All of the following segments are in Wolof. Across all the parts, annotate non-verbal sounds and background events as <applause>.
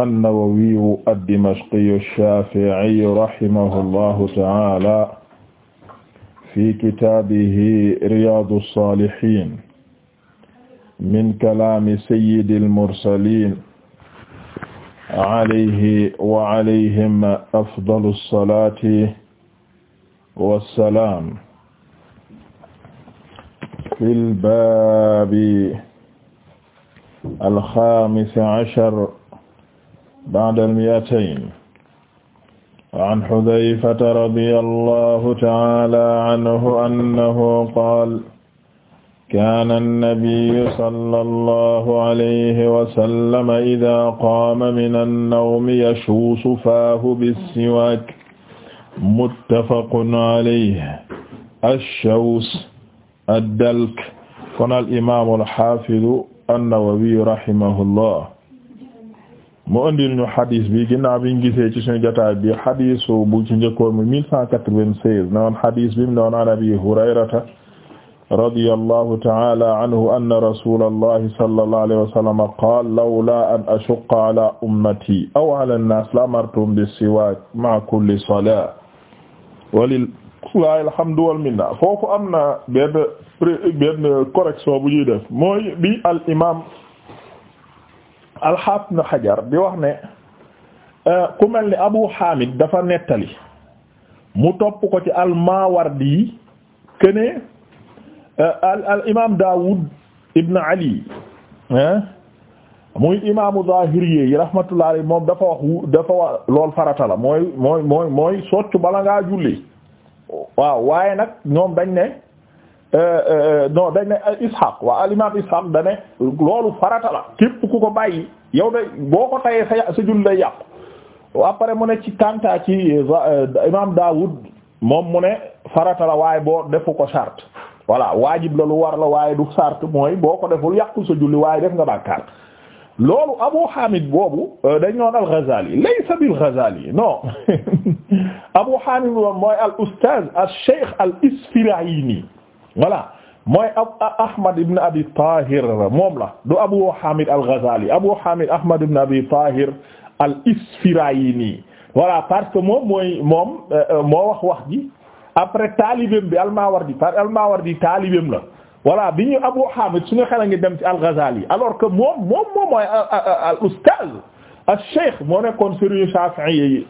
an-Nawawiyu ad-Dimashqiyu ash-Shaafi'iyu rahimahullahu ta'aala fi kitaabihi Riyaadu s-Saalihiin min kalaami sayyidil mursaliin alayhi wa alayhim afdalu s-salaati wa s-salaam fil baabi al-xaamis ashar ba'da al-mi'atayn an Hudhayfata radiyallahu ta'ala anhu annahu qaala kaana an-nabiyyu sallallahu alayhi wa sallam idhaa qaama mina an-nawmi yashushu faahu bis-siwaak muttafaqun alayhi ash-shaws ad-dalk kon al-imaam al-haafiz an-Nawawi rahimahullah mu andil ñu xadis bi ginnaaw biñ gisee ci suñu jotaay bi xadis bu ci njëkkoon mi mille cent quatre-vingt-seize na woon xadis bi mu doon an abi hurayrata radiyallahu ta'ala anhu anna rasulallahi sallallahu alayhi wa sallam qaala lawlaa an ashqa ala ummati aw ala an-nas la'amartuhum bis-siwaak ma'a kulli salaat walillahi alhamdu wal minna foofu am na benn benn correction bu ñuy def mooy bi al imam alxaaf na xajar bi wax ne euh, ku mel ni abu hamid dafa nettali mu topp ko ci almawardi kene euh, al al imaam daawud ibn ali muy imaamu zahiriye yi rahmatullah alayhi moom dafa wax dafa wax lool farata la mooy mooy mooy mooy soccu bala ngaa julli waaw waaye nag ñoom dañ ne Euh, euh, non dañ ne Ishaq waa al imam Ishaq da ne loolu farata la képp ku ko bàyyi yow de boo ko tayee sa sa jul day yàqu après mu ne ci kanta ci euh, imam Daawud moom mu ne farata la waaye boo defu ko charte wala waajib la lu war la waaye du charte mooy boo ko deful yàqu sa julli waaye def nga bàkkaar loolu Abu Hamid boobu dañ noon al-Ghazali laysa bil-Ghazali non <laughs> Abu Hamid boobu mooy al-ustaaz al-shaykh al-Isfirayini voilà mooy Ahmad ibn Abi Tahir moom la du Abu Hamid al-Ghazali Abu Hamid Ahmad ibn Abi Tahir al-Isfirayini voilà parce que moom mooy moom euh, euh, moo wax wax ji après taalibem bi al-Mawardi par al-Mawardi taalibem la voilà bi ñu Abu Hamid suñu xel dem ci al-Ghazali alors que moom mooy euh, al-ustaaz al-Cheikh moo nekkoon sëriñ Shafi'i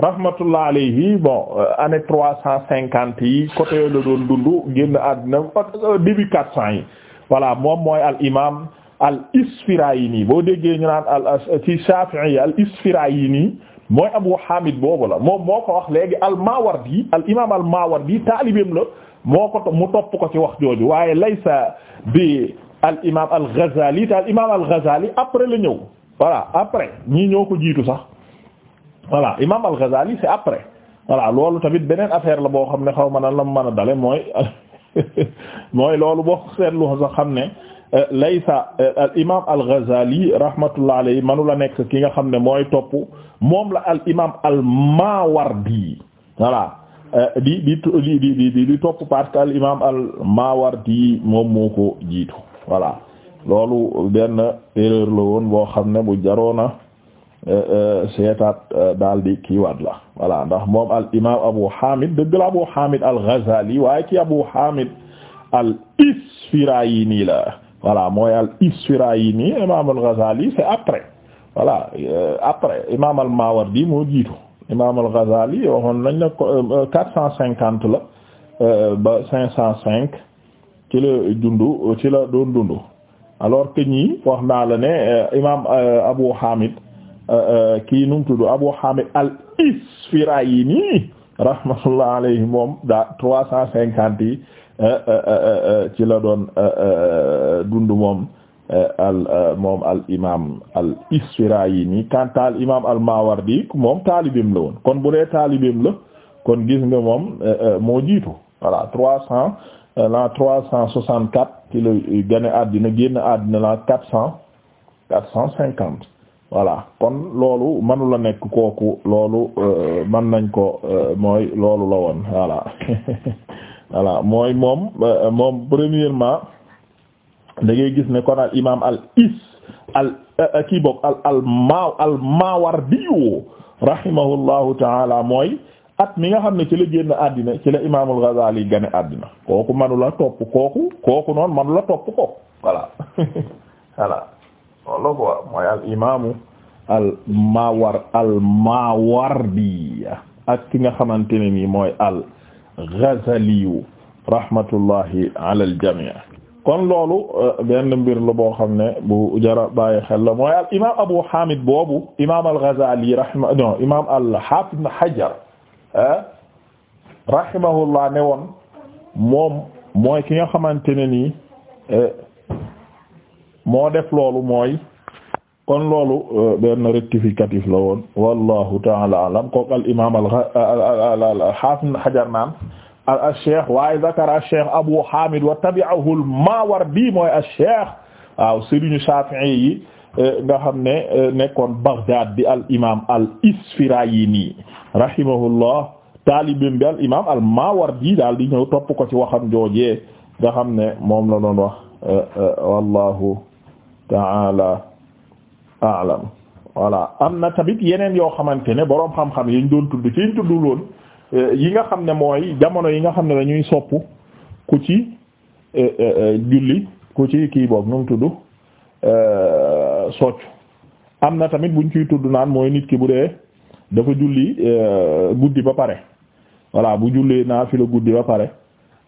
rahmatullah alayhi bon euh, année trois cent cinquante yi côté yooyu la doon dund génn àddina euh, début quatre cent yi voilà moom mooy al imam al Isfirayini boo déggee ñu naan al ci Shafi'i al Isfirayini mooy Abu Hamid boobu la moom moo ko wax léegi al Mawardi al imam al Mawardi taalibeem la moo ko mu topp ko ci wax jooju waaye laysa bi al imam al Ghazali te al imam al Ghazali après la ñëw voilà après ñii ñoo ko jiitu sax. voilà imam al-Ghazali c'est après voilà loolu tamit beneen affaire la boo xam ne xaw mana nan la mu dale mooy <laughs> mooy loolu boo seetlu xam ne euh, laysa euh, al imam al-Ghazali rahmatullah alayhi manu la nekk ki nga xam ne mooy topp moom la al imam al-Mawardi voilà euh, di di di topp parce que al imam al-Mawardi moom moo ko jiitu voilà loolu benn erreur la woon boo xam ne bu jaroona Euh, euh, seetaat euh, daal di kiiwaat la voilà ndax moom al imaam Abu Hamid dëgg la Abu Hamid al Ghazali waaye ki Abu Hamid al Isfirayini la voilà mooy al Isfirayini imaam al Ghazali c'est après imaam al Mawardi moo jiitu imaam al Ghazali waxoon nañ la quatre cent cinquante la cinq cent cinq ci la doon dund alors que ñii wax naa la ne imaam Abu Hamid. Euh, euh, kii nu mu tudd Abu Hamid al-Isfirayini rahmatullah alayhi moom daa trois cent cinquante yi euh, ci la doon dund moom al moom al imaam al Isfirayini quant à al imaam al Mawardi moom taalibeem la woon kon bu dee taalibeem la kon gis nga moom moo jiitu voilà trois cent l'an trois cent soixante quatre ci la gane àddina génn àddina la quatre cent quatre cent cinquante voilà kon loolu manu la nekk kooku loolu euh, man nañ ko euh, mooy loolu la woon voilà <laughs> voilà mooy moom euh, moom premièrement da ngay gis ne kon al imam al is al kii bokk al al ma al Mawardi rahimahullahu taala mooy at mi nga xam ne ci la génn àddina ci la imaamul Ghazali gane àddina kooku manu la topp kooku kooku noonu manu la topp kooku voilà <laughs> voilà loolu quoi mooy al imaamu ak ki nga xamante ne nii mooy al ghazaliyu rahmatullahi ala al jamii kon loolu euh, benn mbir la boo xam ne bu jara bàyyi xel la mooy al Abu Hamid boobu imaam al ghazali rahma non imaam al hafiz ibn Hajar euh, rahimahullah ne woon moom mooy ki nga xamante ne nii. Euh, moo def loolu mooy kon loolu euh, benn rectificatif la woon wallahu taala alam kook al imam al al cheikh waaye zakara al cheikh abu hamid wa tabi'ahu al mawardi mooy al cheikh waaw sëriñu shafi'i yi euh, xam ne euh, nekkoon baghdad bi al imam al isfirayini rahimahullah taalibim bi al imam al mawardi daal di ñëw topp ko ci waxam joojee nga xam ne moom la doon wax wallahu ta'ala a'lam voilà am na tamit yeneen yoo xamante ne boroom xam-xam yi ñu doon tudd ci ñu tuddul woon eh, yi nga xam ne mooy jamono yi nga xam ne dañuy sopp ku ci eh, eh, julli ku ci kii boobu nu mu tudd soccu am na tamit buñ ciy tudd naan mooy nit ki bu dee dafa julli guddi ba pare voilà bu jullee naa fi la guddi ba pare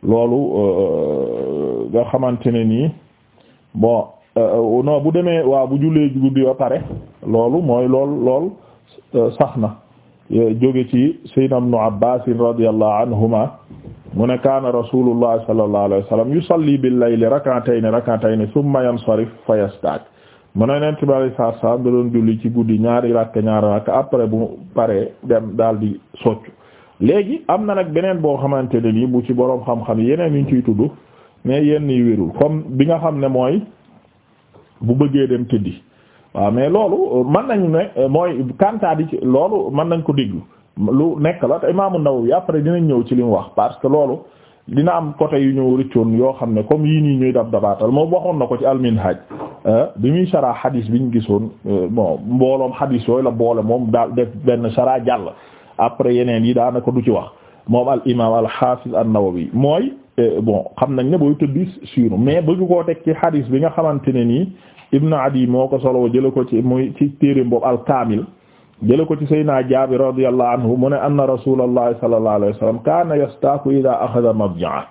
loolu nga xamante ne nii bon Euh, non bu demee waa bu jullee guddi ba pare loolu mooy lool lool euh, sax na jóge ci sayyidina ibnu Abbaas radiyallahu anhuma mu ne kaana rasulullah sallallahu alayhi wa sallam yusalli bil layli rak'atayn rak'atayn thumma yansarif fa yastaak mu ne neen tibali sar sam da doon julli ci guddi ñaari rakk ñaari rakk après bu paree dem daal di soccu léegi am na nag beneen boo xamante ne nii bu ci boroom xam-xam yeneen yuñ ciy tudd mais yenn yi wérul comme bi nga xam ne mooy bu bëggee dem tëddi waaw mais loolu euh, man nañu ne euh, mooy kantaa bi ci loolu mën nañ ko déglu lu nekk la te imaamu Nawawi après dinañ ñëw ci li mu wax parce que loolu dina am côté yu ñëw rëccoon yoo xam ne comme yii nii ñuy dab dabaatal moom waxoon na ko ci alminhaj euh, bi muy saraa xadiis bi ñu gisoon bon mbooloom xadis yooyu la boole moom daal def benn saraa jàll après yeneen yi daanaka du ci wax moom al imaam al xaafiz an-Nawawi mooy Euh, bon xam nañ ne booy tëddi sur mais bëgg koo teg ci hadis bi nga xamante ne nii Ibn Adi moo ko solo jële ko ci muy ci téereem boobu al jële ko ci Seydina Jaabir radiyallahu anhu mu ne anna Rasulullah sallallahu alayhi wa sallam kaana yastaaku idaa axada madja'a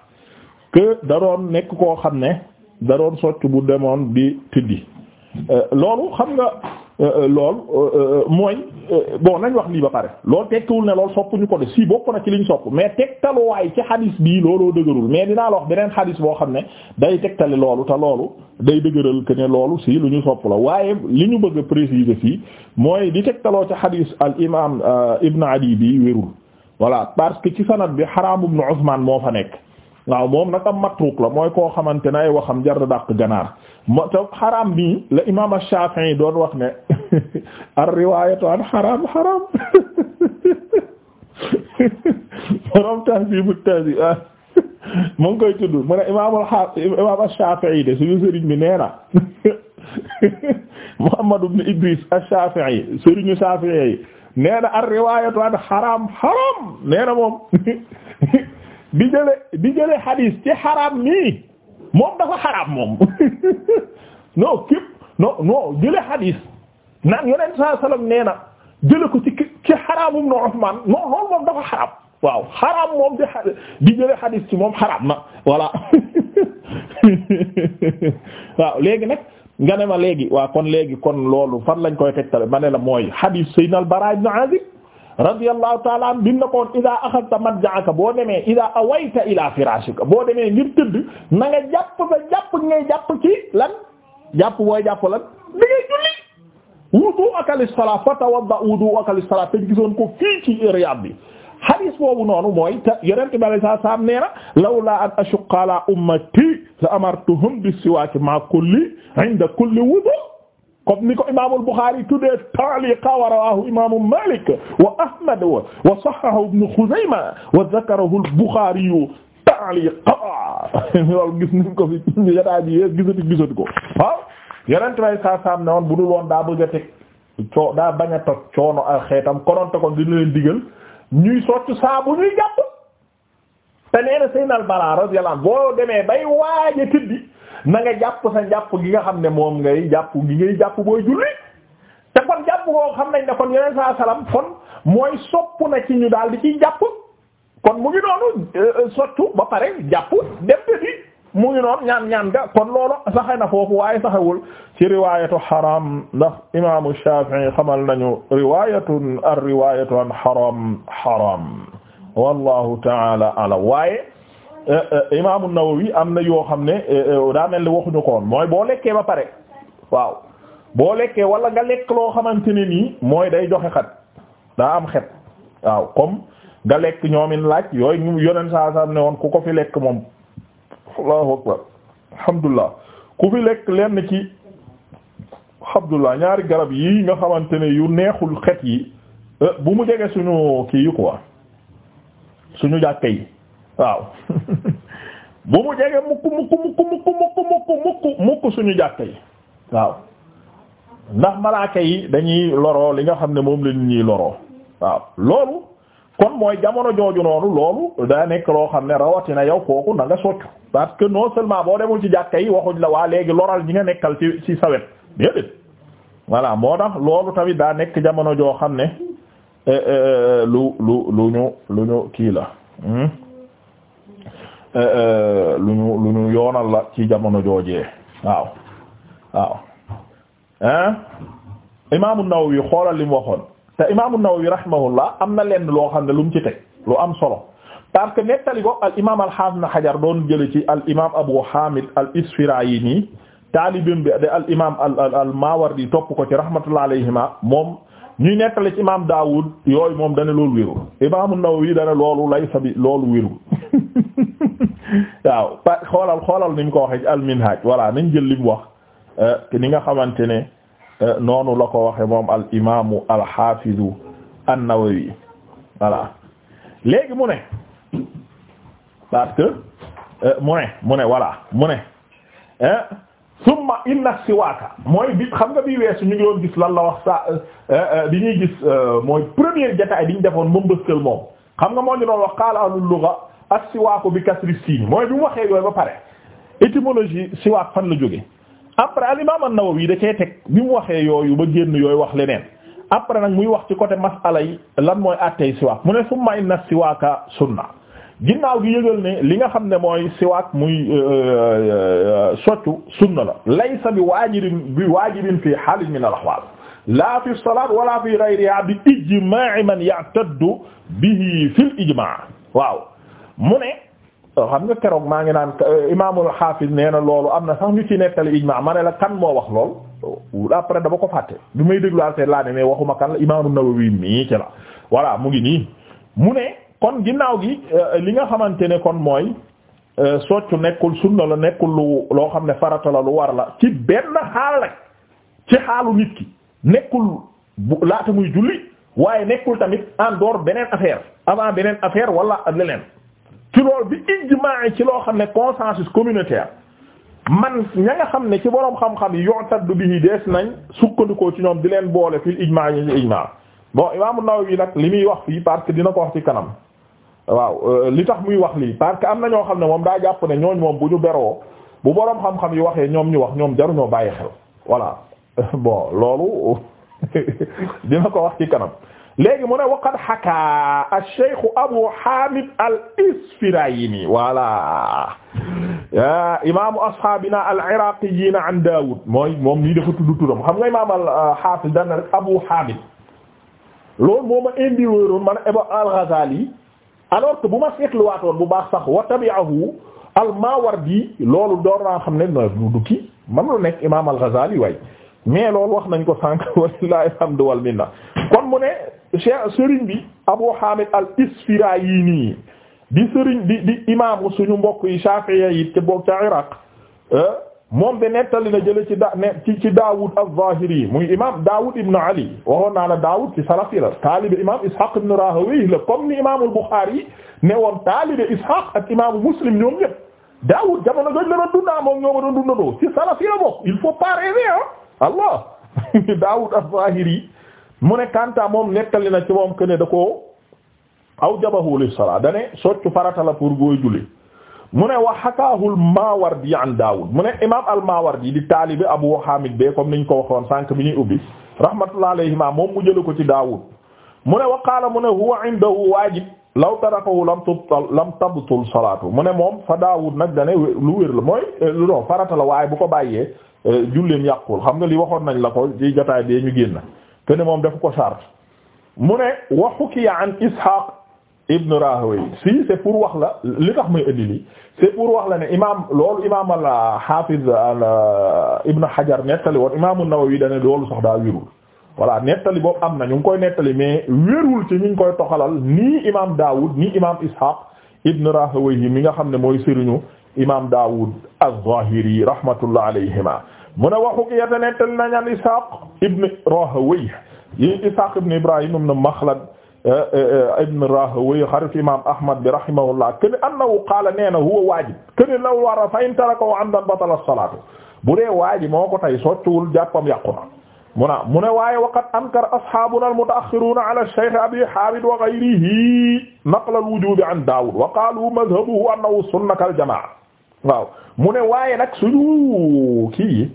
que da nekk koo xam ne da doon bu demoon bi tëddi euh, loolu xam nga euh, loolu mooy Euh, bon nañ wax lii ba pare loolu tegtuwul ne loolu soppuñu ko de si bokk na ci ñu sopp mais tegtaluwaay ci xadis bii looloo dëgërul mais dinaa la wax beneen xadis boo xam ne day tegtali loolu te loolu day dëgëral que ne loolu si lu ñu sopp la waaye li ñu bëgg a préciser fii mooy di tegtaloo ci xadis al imam euh, ibn adi bi wérul voilà parce que ci sanad bi xaraam ibn Usman moo fa nekk waaw moom nag am matruuk la mooy koo xamante ne ay waxam jar daq ganaar moo tax xaraam bi la imaam Shaafi'i doon wax ne <laughs> ar riwaayatu an xaraam xaraam <laughs> borom ah <laughs> ngi koy tudd mu ne imaamul imaam Shaafi'i de suñu sëriñ bi nee Muhammad ibn Idris ash-Shaafi'i sëriñu Shaafi'i nee na riwaayatu an xaraam xaraam nee moom. bi jële bi jële xadiis ci xaraam nii moom dafa xaraam moom <laughs> non képp non non jële xadiis naan yonent saa sallam nee na jële ko ci ci xaraamum na Usmaan non moom dafa xaraam waaw xaraam moom di di jële xadiis ci moom xaraam na voilà <laughs> waaw léegi nag nga ne ma léegi waaw kon léegi kon loolu fan lañ koy tegtale ma ne mooy xadiis Sayyidina baraa ibn Aazib radiyallahu taala an bim na ko woon ida axadta madja'aka boo demee ida awayta ila firashika boo demee ngir tëdd na nga jàpp ba jàpp ngay jàpp ci lan jàpp booy jàpp lan bi ngay julli wudu'aka lis-salat fatawadda wudu'aka lis-salat te gisoon ko fii ci Riyad bi hadis boobu noonu mooy te yonent bi alayhi salaam nee na lawla an ashqa ala ummati la amartuhum bis-siwak ma kulli inda kulli wudu' comme ni ko imaamul Buxaari tuddee ta'liqa wa rawaahu imaamu Maalik wa Ahmad wa sahhahu ibnu Xuzayma wa zakarahu al-Buxaari ta'liqa loolu gis nañ ko fi jotaay bi yéen gisati ko waaw yeneen may saa saam ne woon bu dul woon daa bëgg a teg coo daa bañ a toj coono ak xeetam kononte ko dina leen digal ñuy socc saa bu ñuy jàpp te nee na Seydina Al-Bara boo demee bay waaje tiddi na nga jàpp sa jàpp gi nga xam ne moom ngay jàpp gi ngay jàpp booy julli te kon jàpp koo xam nañ ne kon yeneen saa salaam kon mooy sopp na ci ñu daal di ci jàpp kon mu ngi noonu euh, soccu ba pare jàpp dem bi mu ngi noonu ñaan ñaan kon loolu saxe na foofu waaye saxewul ci riwaayatu xaram ndax imaamu Shaafi'i xamal nañu riwaayatun ar riwaayatu an xaram xaram wallahu taala alam waaye Euh, euh, imaamu Nawawi am na yoo xam ne euh, daa mel ni waxuñu ko mooy boo lekkee ba pare waaw boo lekkee wala nga lekk loo xamante ne nii mooy day joxe xat daa am xet waaw comme nga lekk ñoomin laaj yooyu ñu yoneen saa saa ne woon ku ko fi lekk moom allahu akbar alhamdulillah ku fi lekk lenn ci alhamdulillah ñaari garab yii nga xamante ne yu neexul xet yi bu mu jege suñu kii yi suñu jàkke yi waaw <laughs> bu mu jege mukk mukk mukk mukk mukk mukk mukk suñu jàkka yi waaw ndax malaaka yi dañuy loro li nga xam ne moom la nit ñuy waaw loolu kon mooy jamono jooju noonu loolu daa nekk loo xam ne rawatina yow kooku na nga soccu parce que non seulement boo demul ci jàkka yi waxuñ la waa léegi loral ñi nga nekkal ci ci sawet déedéet voilà moo tax loolu tamit daa nekk jamono joo xam ne eh, eh, lu lu lu ñu lu ñu kii la hmm? Eh, eh, lu ñu yoonal la ci jamono joojee waaw waaw hein eh? imaamu Nawawi xoolal li mu waxoon te imaamu Nawawi rahimahullah am na lenn loo xam ne lu ci teg lu am solo parce que nettali ko al imaam al xaafis xajar doon jële ci al imaam Abu Hamid al Isfirayini taalibim bi de al imaam al al Mawardi topp ko ci rahmatullah alayhima moom ñuy nettali ci imaam Daawud yooyu moom dana loolu wérul imaamu Nawawi dana loolu laysa bi loolu wérul <laughs> waaw pa xoolal xoolal ni mu ko waxee al-Minhaj voilà nañ jël li mu wax te euh, ni nga xamante ne euh, noonu la ko waxee moom al imaamu al-Hafizu an-Nawawi voilà léegi mu ne parce que euh, mu ne mu ne voilà mu ne summa inna siwaaka mooy bi xam nga bi weesu ñu ngi doon gis lan la wax sa bi ñuy gis mooy première jotaay bi ñu defoon moom mbëskël moom xam nga moo ñu doon wax qaala ahlul lugha ak siwaaku bi kasri siin mooy bi mu waxee yooyu ba pare étymologie siwaak fan la jóge après al imam an-Nawawi da cee teg bi mu waxee yooyu ba génn yooyu wax leneen après nag muy wax ci côté masala yi lan mooy attey siwaak mu ne summa inna siwaaka sunna ginnaaw gi yëgal ne li nga xam ne mooy siwaak muy euh, euh, euh, soccu sunna la laysa bi waajibin bi waajibin fi haalin min al-ahwaal la fi salaat wala fi ghayriha bi ijmaa'i man ya'taddu bihi fil ijmaa' waaw mu ne oh, xam nga keroog maa ngi naan eh, imaamul xaafis nee na loolu am na sax ñu ci nettali ijmaa ma ne la kan moo wax lool oh, après dama ko fàtte du may déglu seet laa ne mais waxuma kan la imaamu Nawawi mii ci la voilà mu ngi nii mu ne kon ginnaaw gi eh, li nga xamante ne kon mooy eh, soccu nekkul sunna la nekkul lu loo xam ne farata la lu war la ci benn xaal rek ci xaalu nit ki nekkul bu laata muy julli waaye nekkul tamit en beneen affaire avant beneen affaire wala leneen ci loolu bi ijmaa ci loo xam ne consensus communautaire man ña nga xam ne ci boroom xam-xam yi bi bihi dees nañ sukkandikoo ci ñoom di leen boole fil ijmaa yi ci ijmaa bon Imaam naw yi nag li muy wax fii parce que dina ko wax ci kanam waaw euh, li tax muy wax lii parce que am na ñoo xam ne moom daa jàpp ne ñooñ moom bu ñu beroo bu boroom xam-xam yi waxee ñoom ñu wax ñoom jaruñoo bàyyi xel voilà <laughs> bon loolu <laughs> dina ko wax ci kanam léegi mu ne waqad haka ash-shaykh Abu Hamid al-Isfirayini voilà imaamu ashaabina al-Iraqiyyin an Daawud moom lii dafa tudd turam xam nga imaam al-Hafiz dana Abu Hamid loolu moo ma indi wóoroon man Ibn al-Ghazali alors que bu ma seetluwaatoon bu baax sax wa al-Mawardi loolu door naa xam ne du man lu nekk imaam al-Ghazali waay. mais wax nañ ko sànq <laughs> walillahi alhamdu wal minna kon mu ne cheikh sëriñ bi Abu Hamid al Isfirayini di sëriñ bi di imaamu suñu mbokk yi Shafi'i yi te bokk ca Iraq eh, moom de nettali na jële ci da ne ci ci Daawud az-Zahiri muy imam Daawud ibn Ali waxoon naa la ci salaf yi la taalibe imam Ishaq la comme ni imaamul Bukhari ne woon taalibe Ishaq ak imaamu Muslim ñoom ñëpp Daawud jamono jooju la doon dundaa moom ñoo ma doon dundadoo ci salaf yi la bokk il faut pas rêver allah <laughs> Daawud az-Zahiri mu ne Kanta moom nettali na ci moom que ne da ko aw jabahu li salaa da ne soccu farata la pour góoy julli mu ne wa hakaahul Maawardi an Daawud mu ne imaam al-Maawardi di taalibe Abu Haamid be comme niñ ko waxoon sànq bi ñuy ubbi rahmatullah alayhima moom mu jëlu ko ci Daawud mu ne wa qaala mu ne huwa indahu waajib law tarakahu lam tabtul salaatu mu ne moom fa Daawud nag da lu wér la mooy eh, lu doon farata la waaye bu ko bàyyee. Euh, julleem yàqul xam nga li waxoon nañ la ko ci jotaay bee ñu génn te moom dafa ko sart mu ne waxu ki ya an Ishaq ibn Rahawayh si c'est pour wax la li tax muy indi lii pour wax la ne imaam loolu imaam al-Hafiz euh, Ibn Hajar nettali woon imaam an-Nawawi da ne loolu sax daa wérul voilà nettali boobu am na ñu ngi koy nettali mais wérul ci ñu ngi koy toxalal nii imaam Daawud nii imaam Ishaq ibn Rahawayh mi nga xam ne mooy sëriñu imam Daawud az-Zahiri rahmatullah alayhima mu ne waxu ki yata nettal nañ an Ishaq ibn Rahawayh yi Ishaq ibn Ibrahim ibn Makhlad eh, eh, eh, ibn Rahawayh xarit imam Ahmad bi rahimahullah kene annahu qaala nee na huwa waajib kene law wara fa in tarakahu amdan batala salaatu bu dee waaji moo ko tay soccuwul jàppam yàqu na mu na mu ne waaye waqad ankara ashaabuna al-muta'axxiruuna ala shaykh abi Haamid wa ghayrihi naqla al-wujuubi an Daawuud wa qaalu madhabuhu annahu sunna kal jamaa waaw mu ne waaye nag suñu kii yi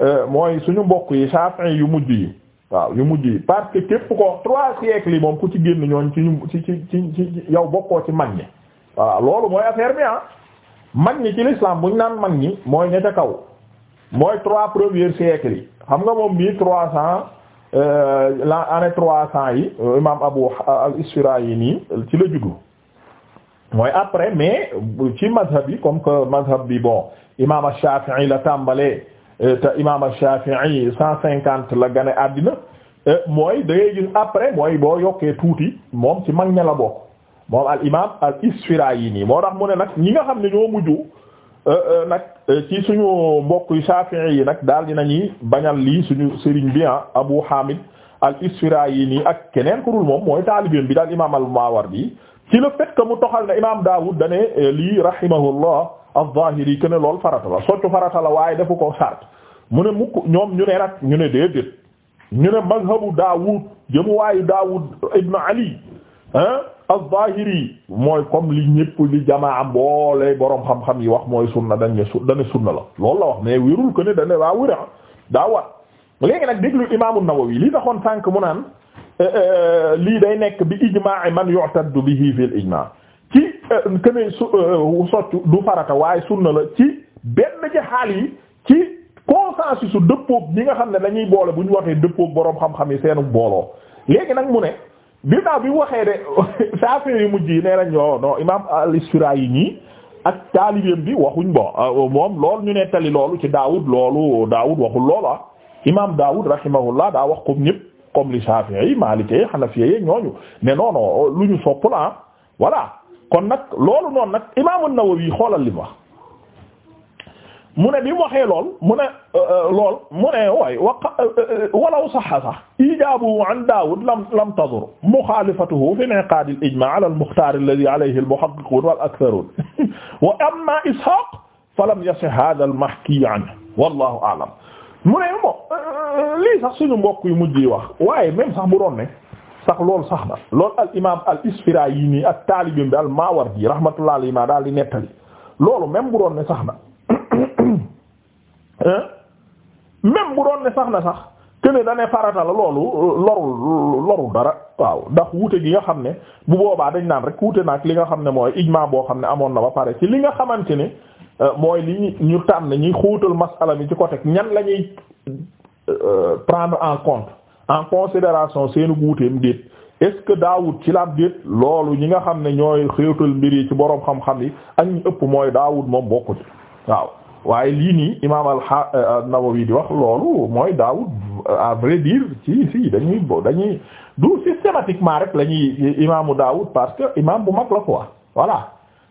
euh, mooy suñu mbokk yi Shafi'i yu mujj yi waaw yu mujj yi parce que képp ko trois siècles yi moom ku ci génn ñooñ ci ñu ci ci ci yow bokkoo ci mag ñi voilà loolu mooy affaire bi ah ci l'islam buñ naan mag ñi mooy ña ca kaw mooy trois première siècles yi xam nga moom mii trois cents euh, l'an année trois cents yi euh, imam Abu al nii ci la juddu mooy après mais ci mazhab yi comme que mazhab bi bon imam Shafi'i la tàmbalee euh, te imam Shafi'i cent cinquante la gane àddina euh, mooy da gis après mooy boo yokkee tuuti moom ci mag ña la bokk moom al imam al Isfirayini moo tax mu ne nag ñi nga xam ne ñoo mujj euh, nag ci suñu mbokk Shafi'i yi nag daal di ñi bañal lii suñu sëriñ bi ah Abu Hamid al Isfirayini ak keneen ku moom mooy taalibeem bi daal imam al Mawardi ci le fait que mu toxal ne imam Daawud dane eh, lii rahimahullah az-Zahiri que ne loolu farata la soccu farata la waaye defu ko sart mu ne mukk ñoom ñu ne nag ñu ne déedéet ñu ne mazhabu Daawud jëmuwaayu Daawud ibn Ali ah az-Zahiri mooy comme li ñëpp li jamaa mboole boroom xam-xam yi wax mooy sunna dañ ne su dane sunna la lool la wax mais wérul que ne dane waa wéra daa war léegi nag déglu imaamu Nawawi li taxoon sànk mu naan Euh, euh, euh, lii day nekk bi ijmaa man yu'taddu bihi ijmaa ci keneen su soccu du farata waaye sunna la ci benn ci xaal yi ci consensus su dëppoog nga xam ne dañuy boole bu ñu waxee dëppoog boroom xam-xam yi seenu booloo léegi nag mu ne bi naa bi waxee de <laughs> saafe yu mujj yi nee nañ yo non imam al-Isfiraayi yi ñii ak taalibeem bi waxuñ bon moom loolu ñu nettali loolu ci Daawud loolu Daawud waxul loolu ah imam Daawud rahimahullah daa wax comme ñëpp comme li Shafi'i Maliki Hanafi ñooñu mais non non lu ñu sopp la ah. voilà kon nag loolu noonu nag Imaam An-Nawawi xoolal li mu wax mu ne bi mu waxee lool mu ne euh, euh, lool mu ne waay wa euh, walaw sahha sax ijaabuhu an Daawud lam lam tadur muxaalifatuhu fi in'iqaad al-ijmaa' ala al-muxtaar alladhii alayhi al-muhaqqiquun wal-aktharuun <laughs> wa ammaa Ishaaq falam yasih haadha al-mahkii anhu wallaahu a'lam mu ne mo euh, euh, lii sax suñu mbokk yu mujj yi wax waaye même sax bu doon ne sax loolu sax na loolu al imaam al Isfirayini ak taalibim bi al Maawardi rahmatullah alayhi ma daal di nettali loolu même bu doon ne sax na <coughs> même bu doon ne sax na sax kene da ne farata la loolu euh, lorul lorul dara waaw ndax wuute gi nga xam ne bu boobaa dañ naan rek wuute naag li nga xam ne mooy ijmaa boo xam ne amoon na ba pare ci li nga xamante ne mooy li ñu na ñuy xóotal masala mi ci côté ñan la ñuy euh, prendre en compte en considération seeni wuuteem déet est-ce que ci laam déet loolu ñi nga xam ne ñooy xóotal mbir ci boroom xam-xam yi ak ñu ëpp mooy Daawud moom bokku waaw waaye lii nii imaam euh, an-Nawawi di wax loolu mooy Daawud à vrai ci dañuy dañuy du systématiquement rek la ñuy imaamu Daawud parce que imam bu mag la quoi voilà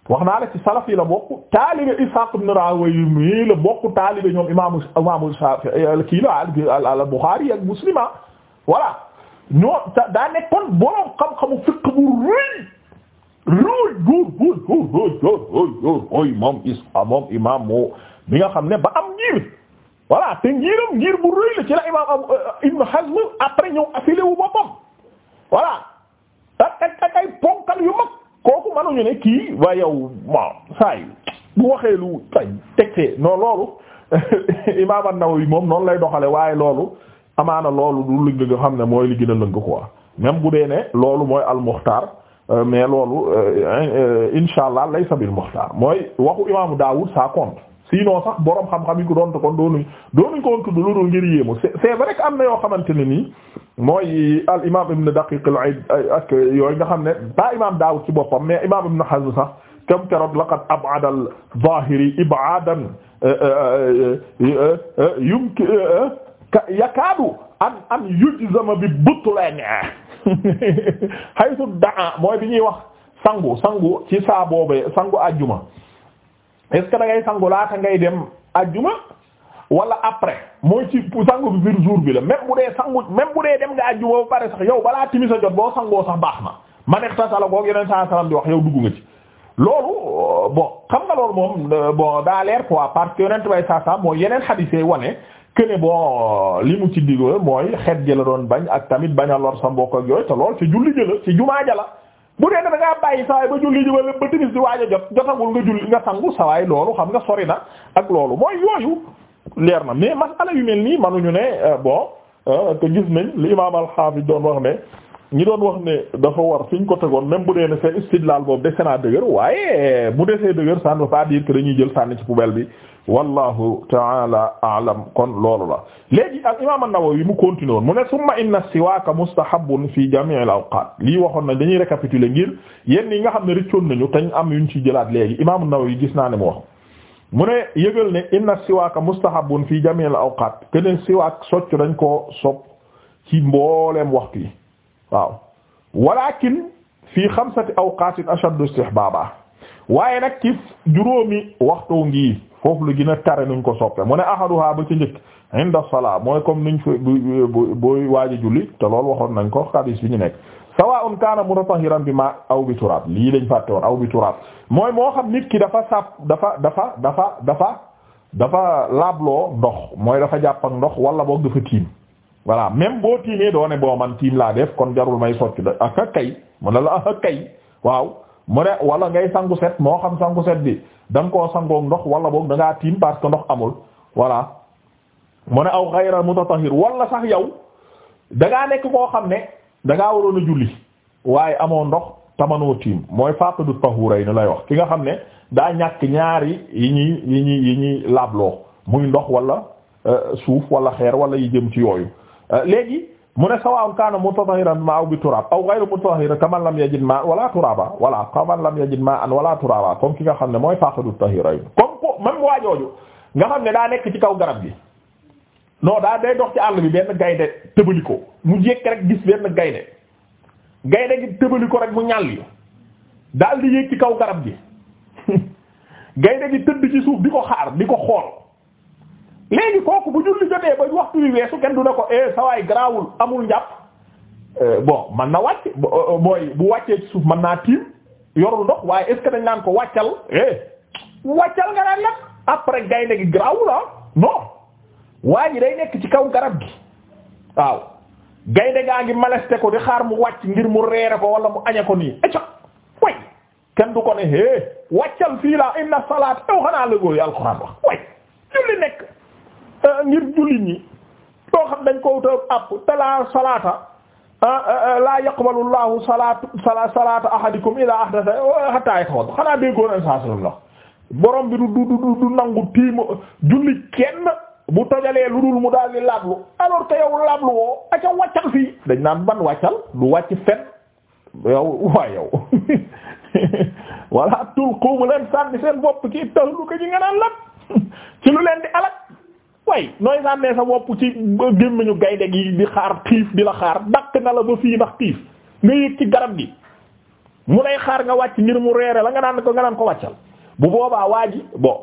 wax naa la ci salaf yi la bokk taalibe Ishaq la bokk taalibe ñoom imaamu imaamu Shaafi'i kii la al al Bukhari ak Muslim ah. voilà ñoo daa nekkoon borom xam-xamu fiqh bu rëy rëy góor góor góor góor góor góor góor moom bi ah, nga xam ne ba la ci la imaam euh, Ibn Hazm après ñëw affilé wu boppam voilà ak ak ak ponkal yu mag. kooku mënuñu ne kii waa yow waaw saa bu waxee lu tay tegtee non loolu <laughs> imaam An-Nawawi moom noonu lay doxale waaye loolu amaana loolu lu lëng nga xam ne mooy li gën a lëng quoi même bu dee ne loolu mooy al-Mukhtar euh, mais loolu euh, euh, insha allah laysa bil Mukhtar mooy waxu imaamu Daawud ça compte sinon sax borom xam-xam yi ko doon kon doonuñ doonuñ ko woon tudd lu dul ngir yéemu c'est vrai que am na yoo xamante ne nii mooy al imaam ibn Daqiq al-Id ak yooyu nga xam ne ba imaam Daawud ci boppam mais imaam ibn Hazm sax kam keroog laqad ab'ada al-Zahiri ib'aadan euh, euh, euh, yumkin yakaadu an an yujzama bi butlan <laughs> haythu ñuy wax sangu sangu ci saa boobee sangu àjjuma. est-ce que ngay sangu laata ngay dem ajjuma wala après mooy ci sangu bi biir jour bi la même bu dee sangu même bu dee dem nga ajjuma ba pare sax yow balaa timisa jot boo sangoo sax baax na man ixtasala goog yeneen saa salaam di wax yow dugg nga ci loolu euh, bon xam nga loolu moom euh, bon daa leer quoi parce que yonent bay saa saa mooy yeneen xadiis yi wane que ne bon euh, li mu ci digg mooy xet gi la doon bañ ak tamit bañ a lor sa mbokk ak yooyu te lool ci julli jëla ci jumaa jala bu dee da ngaa bàyyi sawaay ba julli ji ba timis di waaj a jot jotagul nga julli nga sangu sawaay loolu xam nga sori na ak loolu mooy yooyu leer na mais masala yu mel nii manuñu ne euh, bon euh, te gis nañ li imaam al-Hafiz doon wax ne ñi doon wax ne dafa war fi ñu ko tegoon même bu dee ne seen istidlaal boobu dese naa dëgër waaye bu desee dëgër ça ne veut pas dire que dañuy jël sànni ci poubelle bi wallahu taala aalam kon loolu la léegi al imam an-Nawawi mu continué woon mu ne summa inna siwaaka mustahabun fi jamii al awqat lii waxoon nañ dañuy récapituler ngir yenn yi nga xam ne rëccoon nañu te ñu am yuñ ci jëlaat léegi imam an-Nawawi gis naa ne mu wax mu ne yëgal ne inna siwaaka mustahabun fi jamii al awqat keneen siwaak socc dañ koo sopp ci mbooleem waxtu yi waaw walakin fii xamsati awqaatin ashaddu istihbaaba waaye nag ci juróomi waxtu ngi foofu lu gën a tare nuñ ko soppe mu ne ahaduha ba ci njëkk inda salaa mooy comme niñ fa booy waaji julli te lool waxoon nañ ko xadiis bi ñu nekk sawaa'un kaana mutatahiran bi ma aw bi turaab lii lañ fàtte woon aw bi turaab mooy moo xam nit ki dafa sàpp dafa dafa dafa dafa dafa laabloo ndox mooy dafa jàpp ndox wala boog dafa tiim voilà même boo tiimee doone boo man tiim laa def kon jarul may soccu da aka kay mu ne la aka kay waaw mu ne wala ngay sangu set moo xam sangu set bi da koo sangoog ndox wala boog dangaa tiim parce que ndox amul voilà mu ne aw ghayra mutatahhir wala sax yow da nekk koo xam ne da ngaa waroon a julli waaye amoo ndox tamanoo tiim mooy faatadu tahuray ni lay wax ki nga xam ne daa ñàkk ñaari yi ñuy yi ñuy yi ñuy laabloo muy ndox wala euh, suuf wala xeer wala yi jëm ci yooyu Euh, léegi mu ne sawa'un kaana mutatahiran maaw bi turab aw ghayru mutatahirin kaman lam yajid ma wala turaba wala kaman lam yajid ma an wala turaba comme ki nga xam ne mooy faqadu tahira yi comme ko même waajooju nga xam ne daa nekk ci kaw garab gi non daa day dox ci àll bi benn gaynde tëbali ko mu jékk rek benn gaynde gaynde gi tëbali ko rek mu ñàll yi daal di yéeg ci kaw garab gi <laughs> gaynde gi tëdd ci suuf di ko xaar di ko xool léegi kooku bu julli jotee ba waxtu wi weesu kenn du ne ko eh sawaay garaawul amul njàpp eh, bon man na wàcc eh, eh, booy bu wàccee ci suuf man naa tiim yorul ndox waaye est naan ko wàccal eh wàccal nga naan lépp après gaynde gi garaawul ah non waa ji day nekk ci kaw garab gi waaw gaynde gaa ngi maleste ko di xaar mu wàcc ngir mu reere ko wala mu añe ko nii écot way kenn du ko ne eh wàccal fii la inna salaat taw xanaa la góor alxuraan wax way julli nekk. Euh, ngir jullit ñi loo xam dañ ko wutal ab te laa salaata ah, euh, euh, laa yaqbalu llahu salaatu salaata ahadikum ilaa ahdatha oh, hatta yatawadda xanaa déggoon an saa sallam la borom bi du du du du bu tojalee lu dul mu daal di laablu alors bu <laughs> leen sànni seen bopp ci taxlu naan lap <laughs> di alak way nooy sànnee sa bopp ci gémmiñu gaynde gi di xaar xiif di la xaar dakk na la ba fii ndax xiif nga yëg ci garab gi mu lay xaar nga wàcc ngir mu reere la nga naan ko nga ko wàccal bu boobaa waa ji bo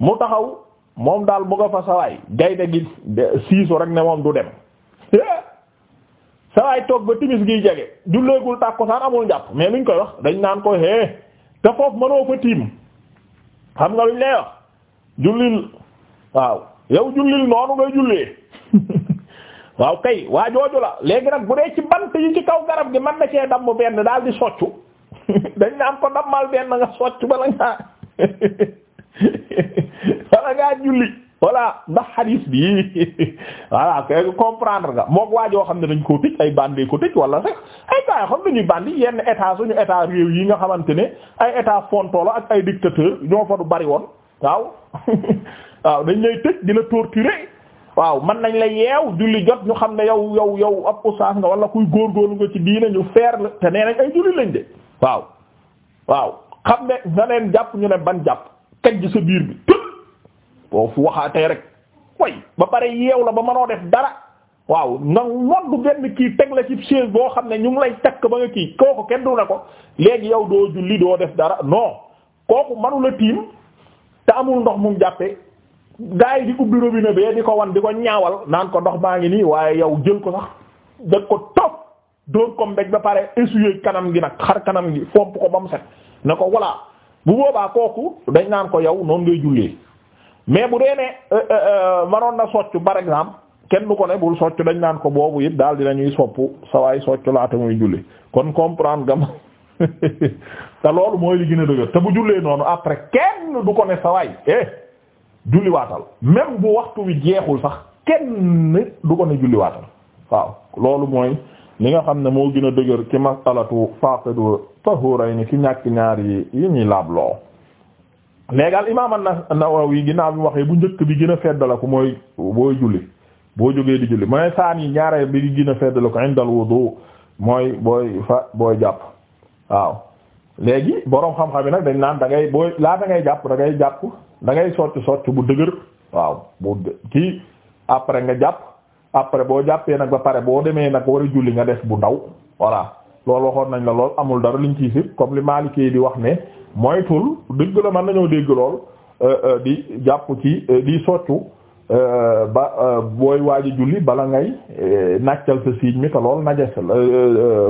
mu taxaw moom daal bu nga fa sawaay gaynde gi siiso rek ne moom du dem sawaay toog ba timis giy jege julleegul tàkkusaan amul njàpp mais luñ koy wax dañ naan ko hee te foofu mënoo fa tiim xam nga luñ lay wax jullil waaw yow jullil noonu ngay jullee <laughs> waaw kay waa jooju la léegi nag bu dee ci bant yi ci kaw garab gi mën na cee damm benn daal di soccu <laughs> dañ naan ko dammal benn nga soccu bala ngaa <laughs> bala ngaa julli voilà ndax hadis bi voilà kay comprendre nga mook waa xam ne dañ koo tëj ay bande ko tëj wala sax ay gaa yoo ne ñuy bandi yenn état suñu état réew yi nga xamante ne ay état fontolo ak ay dictateur ñoo fa du bari woon waaw <laughs> waaw dañ lay tëj di la waaw man nañ la yeew julli jot ñu xam ne yow yow yow ab ustaas nga wala kuy góorgóorlu nga ci diine ñu feer la te nee nañ ay julli lañ de waaw waaw xam ne na leen jàpp ñu ne ban jàpp kaj ji sa biir bi tëj boo fu waxaatee rek way ba pare yeew la ba mënoo def dara waaw nga nodd benn kii teg la ci chaise boo xam ne ñu ngi lay takk ba nga kii kooku kenn du ne ko léegi yow doo julli doo def dara non kooku mënu la tiim te amul ndox mu jàppe gaa yi di ubbi robinet bee di ko wan di ko ñaawal naan ko ndox baa ngi nii waaye yow jël ko sax da ko topp dóor ko mbéj ba pare essuyer kanam gi nag xar kanam gi fomp ko ba mu set ne ko voilà bu boobaa kooku dañ naan ko yow noonu ngay jullee mais bu dee ne euh, euh, euh, maroon na soccu par exemple kenn ko ne bul soccu dañ naan ko boobu it daal ñuy soppu sawaay soccu laata muy julli kon comprendre gam <laughs> te loolu mooy li gën a dëgër te bu jullee noonu après kenn du ko ne sa waay eh julliwaatal même bu waxtu wi jeexul sax kenn du ko ne julliwaatal waaw loolu mooy li nga xam ne moo gën a dëgër ci masalatu faqidu tahurayni ki ñàkk ñaar yi yi ñuy laabloo léegi al imaam an-Nawawi ginnaaw bi waxee bu njëkk bi gën a feddala ko mooy booy julli boo jógee di julli mooy saan yi ñaareel bi gën a feddala ko indal wudu mooy booy fa booy jàpp waaw léegi boroom xam-xam yi nag dañ naan da ngay booy laata ngay jàpp da ngay jàpp da ngay socc socc bu dëgër waaw bu kii après nga jàpp après boo jàppee nag ba pare boo demee nag war a julli nga def bu ndaw voilà loolu waxoon nañ la lool amul dara liñ ciy sib comme li Maalikee di wax ne moytul dëgg la mën nañoo dégg lool euh, euh, di jàpp ci euh, di soccu ba booy waaj a julli bala ngay nàccal sa signe mi te lool najes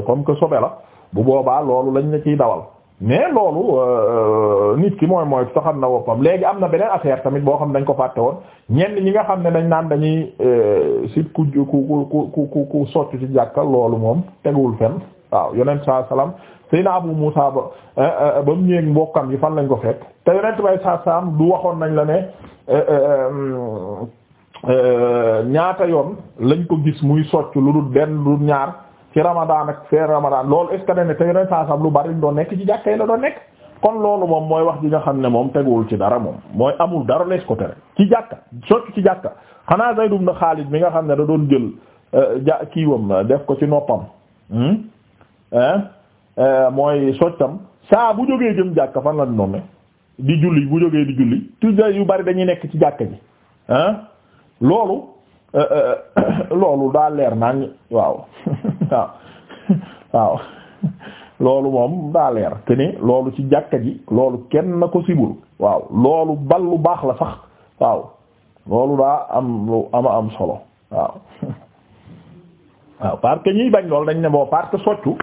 comme que sobe la bu boobaa loolu lañ la ciy dawal mais loolu euh, euh, nit ki mooy mooy taxam na woppam léegi am na beneen affaire tamit boo xam ne dañ ko fàtte woon ñenn ñi nga xam ne dañ naan dañuy euh, sit ku ku ku ku ku ku socc ci jàkka loolu moom teguwul fenn waaw yonent saa salaam naa Abu Muusa ba ba mu ñëwee mbokkam yi fan lañ ko fekk te yonent bay saa salaam du waxoon nañ la ne ñaata yoon lañ ko gis muy socc lu dul benn lu ñaar. ci Ramadan ak fin Ramadan loolu est ce ne te yeneen saa saam lu bari doon nekk ci jàkka yi la doon nekk kon loolu moom mooy wax ji nga xam ne moom teguwul ci dara moom mooy amul dara lees ko tere ci jàkka sotti ci jàkka xanaa Zayd na Khalid mi nga xam ne da doon jël euh, ja kiiwam euh, def ko ci noppam hmm, euh, mooy soctam saa bu jógee jëm jàkka fan la nomme di julli bu jógee di julli toujours yu bari dañuy nekk ci jàkka ji ah loolu. Euh, euh, euh, <coughs> loolu daa leer nañ <laughs> waaw waaw waaw <laughs> loolu moom daa leer te ni loolu ci jàkka ji loolu kenn na ko sibul waaw loolu bal lu baax la sax waaw loolu daa am lu ama am solo waaw <laughs> waaw parce que ñiy bañ loolu dañ ne boo parce que soccu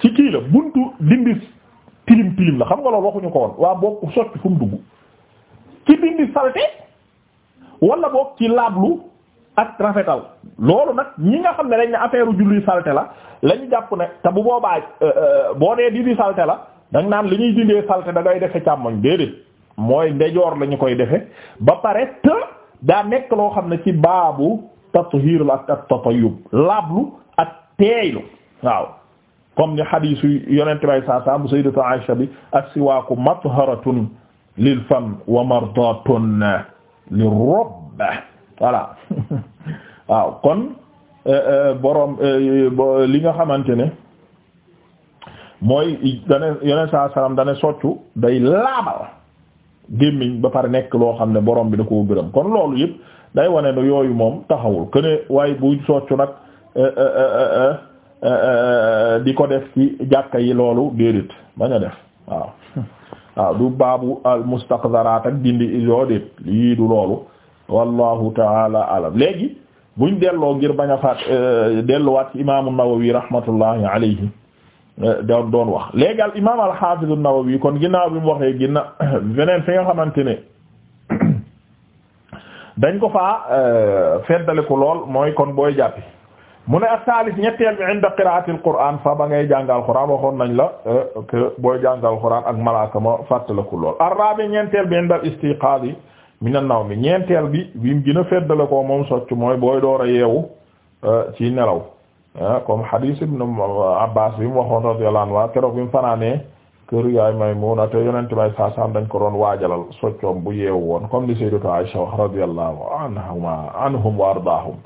ci kii la buntu dindi tilim tilim la xam nga loolu waxuñu ko woon waa bokk soccu fu mu dugg ci dindi saleté wala bokk ci laablu ak rafetal loolu nag ñi nga xam ne dañ ne affaire julli salte la lañu jàpp ne te bu boobaa euh, euh, boo dee dindi salte la danga naan li ñuy dindee salte da defe càmmoñ déedéet mooy ndejoor la ñu koy defe ba pare te daa nekk loo xam ne ci baabu tathir la ak ak tatayyub laablu ak teeylu waaw comme ni xadiisu yonente bay saa sa bu sayyidatu Aisha bi ak siwaaku matharatun lil fam wa mardatun lirab voilà <laughs> waaw kon euh, euh, borom euh, li nga xamante ne mooy dane yoneen saa salaam dane soccu day laabal gémmiñ ba pare nekk loo xam ne borom bi da ko gërëm kon loolu yëpp day wane ne yooyu moom taxawul que waaye buy soccu nag di ko def ci jàkka yi loolu déedéet bañ a def waaw <laughs> du baabu al mustaqdaraat ak dindi yoo déet du loolu wallahu taala alam léegi buñ delloo ngir bañ a faat euh, delluwaat ci imaamu Nawawi rahmatullahi alayhi euh, doon doon wax léegi al imaam al xaafiz an-Nawawi kon ginnaaw bi mu ginna <coughs> beneen fi nga xamante ne <coughs> dañ ko faa euh, feddale ku lool mooy kon booy jàppi mu ne as-saalis ñetteel bi inda qiraati al-Qur'aan fa ba ngay jàngal Qur'aan waxoon nañ la que booy jàngal Qur'aan ak malaaka ma ku lool ar-raabi ñeenteel bi inda al-istiqaaz mina naw mi ñeenteel bi bim gën a feddale ko moom socc mooy booy door a yeewu euh, ci nelaw ah, comme hadith ibn Abbas bi mu waxoon radiyallahu anhu waa keroog bi mu fanaanee kër yaay Maymuna te yonent may saasaam dañ ko doon waajalal soccoom bu yeewu woon comme li sayyidatu Aisha wax radiyallahu anhuma anhum wa ardaahum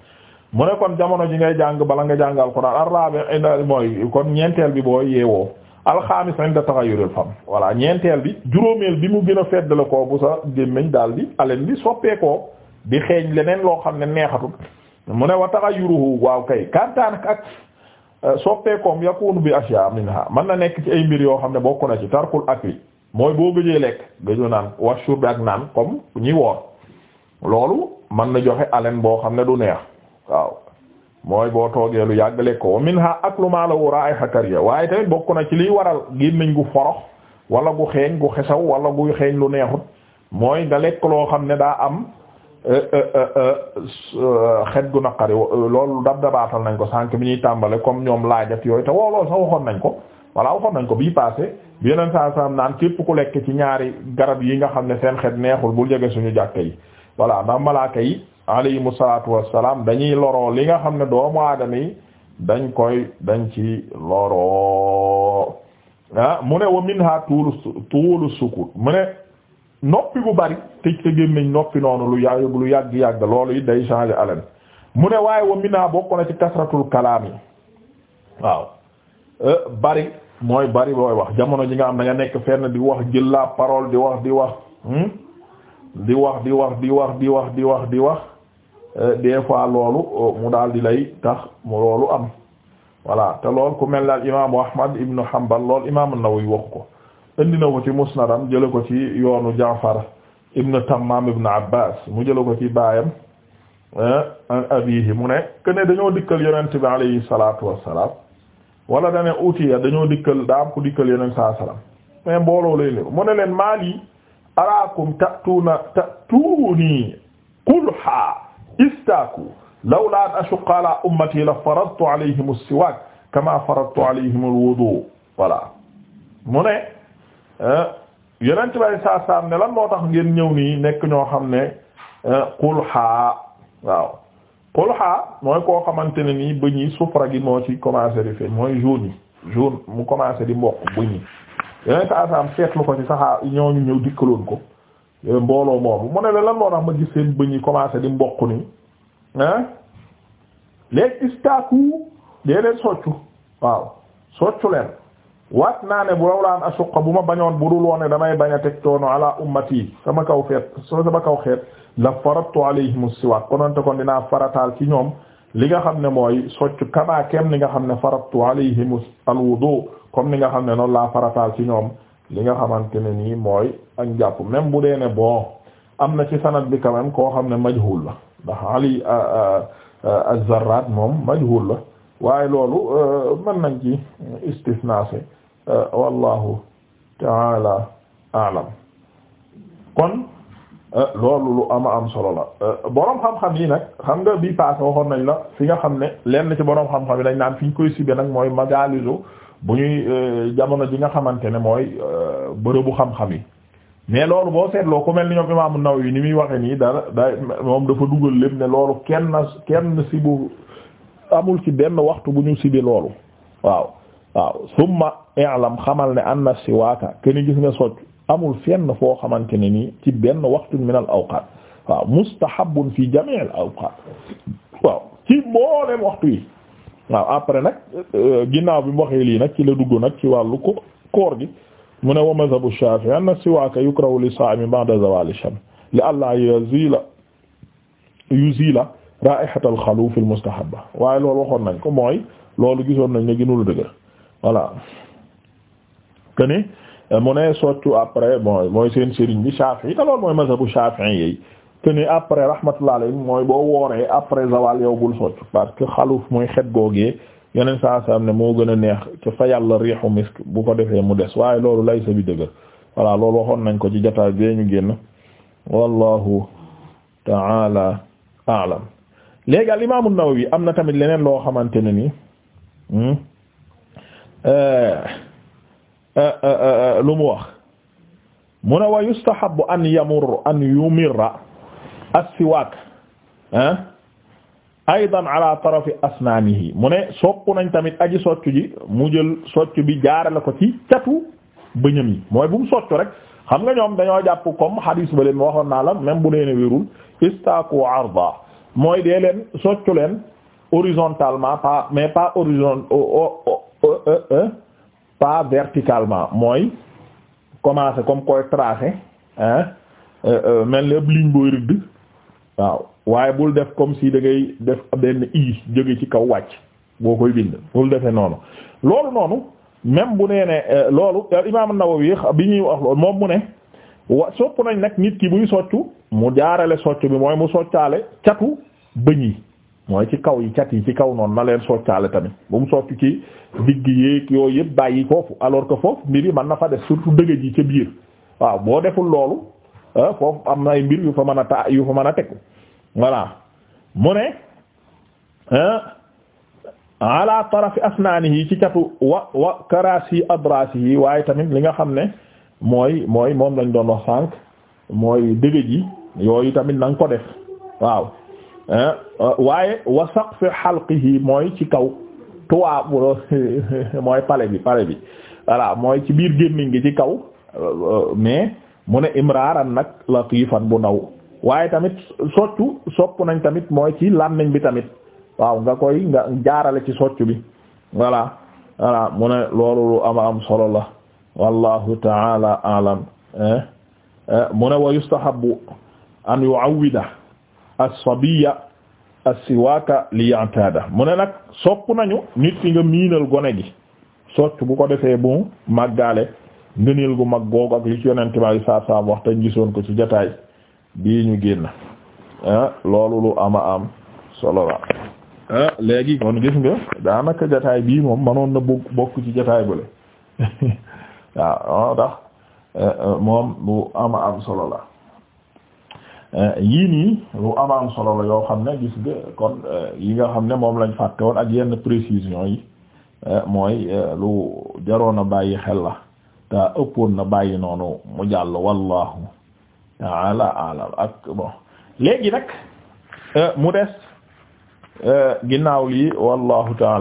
mu ne kon jamono ji ngay jàng bala nga jàngal Alxuraan ar-rabi' kon ñeenteel bi booy yeewoo alxamis inda taghayyur al fam voilà ñeenteel bi juróomeel bi mu gën a fedd la ko bu sa gémmiñ daal di alen bi soppeekoo bi xeeñ leneen loo xam ne neexatul mu ne wa taghayyuruhu waaw kay kantaan ak euh, soppeekoom yakunu bi ashya minha man na nekk ci ay mbir yoo xam ne bokk na ci tarkul akli mooy boo gëjee lekk gëju naan wa bi ak naan comme ñi woor loolu mën na joxe alen boo xam ne du neex waaw mooy boo toogee lu yàgg lu minha la ma lahu ra'iha kariya waaye tamit bokk na ci liy waral gémmiñ gu forox wala gu xeeñ gu xesaw wala gu xeeñ lu neexut mooy nga lekk loo xam ne daa am euh, euh, euh, xet gu naqari loolu dab dabaatal nañ ko sànq bi ñuy tàmbale comme ñoom laajat yooyu te woo loolu sax waxoon nañ ko voilà waxoon nañ ko bii passé bi yeneen saa saam naan képp ku lekk ci ñaari garab yi nga xam ne seen xet neexul bul jege suñu jàkka yi voilà ndax alayhimu salaatu salaam dañuy loroo li nga xam ne doomu aadama yi dañ koy dañ ci loroo ah, mu ne wa minha tuulu tuulu sukut mu ne noppi bu bari tëj gémmiñ noppi noonu lu yàgg yàgg yàgg loolu it day changer haleine mu ne waaye wa minha bokk na ci kasratul kalaam yi waaw eh, bari mooy bari booy wax jamono ji nga am da nga nekk fenn di wax jël laa parole hmm? di wax di wax di wax di wax di wax di wax di wax di wax Euh, des fois loolu euh, mu daal di lay tax mu loolu am voilà te lool ku mel ne al imaamu Ahmad ibn Hanbal lool imaamu Nawawi waxu ko indi na ko ci musnadam jële ko ci yoonu Jaafar ibn Tammaam ibn Abbaas mu jële ko ci baayam an abihi mu ne que dañoo dikkal yonent bi alayhi salaatu wassalaam wala dane utiya dañoo dikkal daa am ku dikkal yonent saa salaam mais mbooloo lay ne mu ne leen maali araakum ta'tuuna ta'tuuni qulhaa istaaku lawlaa an ashuqqa alaa ummatii la faradtu alayhim as-siwaak kamaa faradtu alayhim al-wuduu voilà mu ne yeneen tubaab yi ne lan moo tax ngeen ñëw nii nekk ñoo xam ne eh, qulxaa waaw qulxaa mooy koo xamante ne nii bëñ yi sufra gi moo ci commencé di feeñ mooy jaune yi jaune mu commencé di mboq bëñ yi yeneen saa saa seetlu ko ci saxaa ñooñu ñëw dikkaloon ko. mbooloo moomu mu ne la lan moo ma gis seen bëñ yi commencé di mboq nii ah léegi istaaku dee leen soccu waaw soccu leen waat naa ne bu lawlaan asuqa bu ma bañoon bu dul woon ne damay bañ a teg coono ala ummati sama kaw xeet sama kaw xeet la farattu alayhimu siwaak kononte kon dinaa farataal ci ñoom li nga xam ne mooy soccu kamaa kem li nga xam ne farattu alayhimu alwudu comme ni nga xam ne noonu laa farataal ci ñoom li nga xamante ne nii mooy ak njàpp même bu dee ne bon am na ci sanad bi quand koo xam ne majhul la ndax Ali az-Zarrat moom majhul la waaye loolu euh, mën nañ ci istisnaase euh, wallahu taala alam kon euh, loolu lu ama am solo la borom xam-xam yi nag xam nga bii paase waxoon nañ la fi nga xam ne lenn ci boroom xam-xam yi dañ naan fi ñu koy sibe nag mooy magaalisu bu ñuy euh, jamono ji nga xamante ne mooy euh, bërëb xam-xam yi mais loolu boo seetloo ku mel ni ñoom imaamu Nawawi ni muy waxee nii dara day moom dafa dugal lépp ne loolu kenn kenn si bu amul ci benn waxtu bu ñu sibi loolu waaw waaw summa xamal ne anna siwaaka kenn gis nga socc amul fenn foo xamante ni nii ci benn waxtu min al awqaat waaw mustahabun fi jami' al awqaat waaw ci mboolem waxtu yi waaw après nag euh, ginnaaw bi mu waxee lii nag ci la dugg nag ci wàllu koor gi mu ne wa mazhabu Shafi'i anna siwaaka yukrahu li saa'imi ba'da zawaali shams li allaa yuzila yuzila raa'ihata al-xaluuf al-mustahabba waaye loolu waxoon nañ ko mooy loolu gisoon nañ ne gënul dëgër voilà keni mu ne soccu après bon mooy seen sëriñ bi Shafi'i te loolu mooy mazhabu Shafi'i yi te ni après rahmatullah alayhi mooy boo wooree après zawal yow bul socc parce que xaluf mooy xet googee yeneen saa saa ne moo gën a neex ci fa yàlla riixu misk bu ko defee mu des waaye loolu lay sa bi dëgër voilà loolu waxoon nañ ko ci jotaay bee ñu génn wallahu taala aalam léegi al imaamu Nawawi am na tamit leneen loo xamante ne ni hmm? eh, eh, eh, lu mu wax mun a wa yustahabu an yamur an yumirra as-siwaak ah aydan ala tarafi asnaanihi mu ne sopp nañ tamit aji soccu ji mu jël soccu bi jaarale ko ci catu bëñam yi mooy bu mu soccu rek xam nga ñoom dañoo jàpp comme hadis ba leen waxoon naa la même bu leen wérul istaaku arda mooy dee leen soccu leen horizontalement pas mais pas horizon e, e, pas verticalement mooy commencer comme koy tracer hein euh, euh, mel ni ab ligne booy rëdd waaw waaye bul def comme si da ngay def benn i jóge ci kaw wàcc boo koy bind bul defee noonu loolu noonu même bu nee ne euh, loolu euh, imaam An-Nawawi bi ñuy wax loolu moom mu ne wa sopp nañ nag nit ki buy soccu mu jaarale soccu bi mooy mu soccaale catu bëñ yi mooy ci kaw yi cat yi ci kaw noonu na leen soccaale tamit bu mu soccu ci digg yéeg yooyu yëpp bàyyi foofu alors que foofu mbir yi mën na fa def surtout dëgg ji ca biir waaw boo deful loolu Euh, foofu am na ay mbir yu fa mën a ta yu fa mën a teg voilà mu ne ala tarafi asnaanihi ci catu wa wa karasi adrasihi waaye tamit li nga xam ne mooy mooy moom lañ doon wax sànq mooy dëgëj yi yooyu tamit na nga ko def waaw waaye wa saqfi halqihi mooy ci kaw tuwa mooy pale bi pale bi voilà mooy ci biir gémmiñ gi ci kaw euh, euh, mais mune ne imraaran nag latifan bu ndaw waaye tamit soccu sopp nañ tamit mooy ci làmmiñ bi tamit waaw nga koy nga jaarale ci soccu bi voilà voilà mu ne loolu lu ama am solo la wallahu taala alam eh, mu ne wa yustahabu an yu'awwida as-sabiyya as-siwaaka liya'tada mu ne nag sopp nañu nit nga miinal gone gi soccu bu ko defee bu màggaale ngëneel gu mag googu ak li ci yonente bi alai saatu salaam wax tañ gisoon ko ci jotaay bii ñu génn ah, loolu lu ama am solo la ah, léegi kon gis nga daanaka jataay bii moom manoon na bokk bokk ci jataay bale waaw tax moom lu ama am solo la eh, yii nii lu ama am solo la yoo xam ne gis nga kon eh, yi nga xam ne moom lañ fàtte woon ak yenn précision yi eh, mooy lu jaroon a bàyyi xel la ta ëppoon na bàyyi noonu mu jàll wallahu taala alam ak léegi nag euh, mu des euh, ginnaaw lii wallahu taala